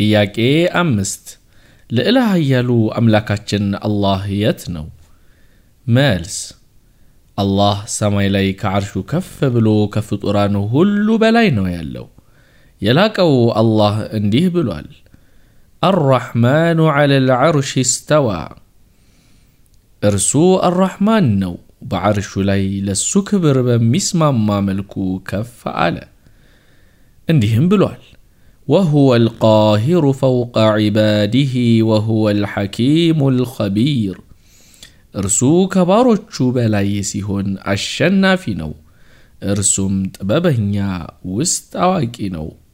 ጥያቄ አምስት ልዕለ ኃያሉ አምላካችን አላህ የት ነው? መልስ አላህ ሰማይ ላይ ከዓርሹ ከፍ ብሎ ከፍጡራን ሁሉ በላይ ነው ያለው። የላቀው አላህ እንዲህ ብሏል፣ አራሕማኑ ዐለ ልዐርሽ ስተዋ። እርሱ አራሕማን ነው፣ በዓርሹ ላይ ለሱ ክብር በሚስማማ መልኩ ከፍ አለ። እንዲህም ብሏል وهو القاهر فوق عباده وهو الحكيم الخبير ارسو كبارو بلا يسيهن اشنا في نو ارسم تبابهنيا وستاوكي نو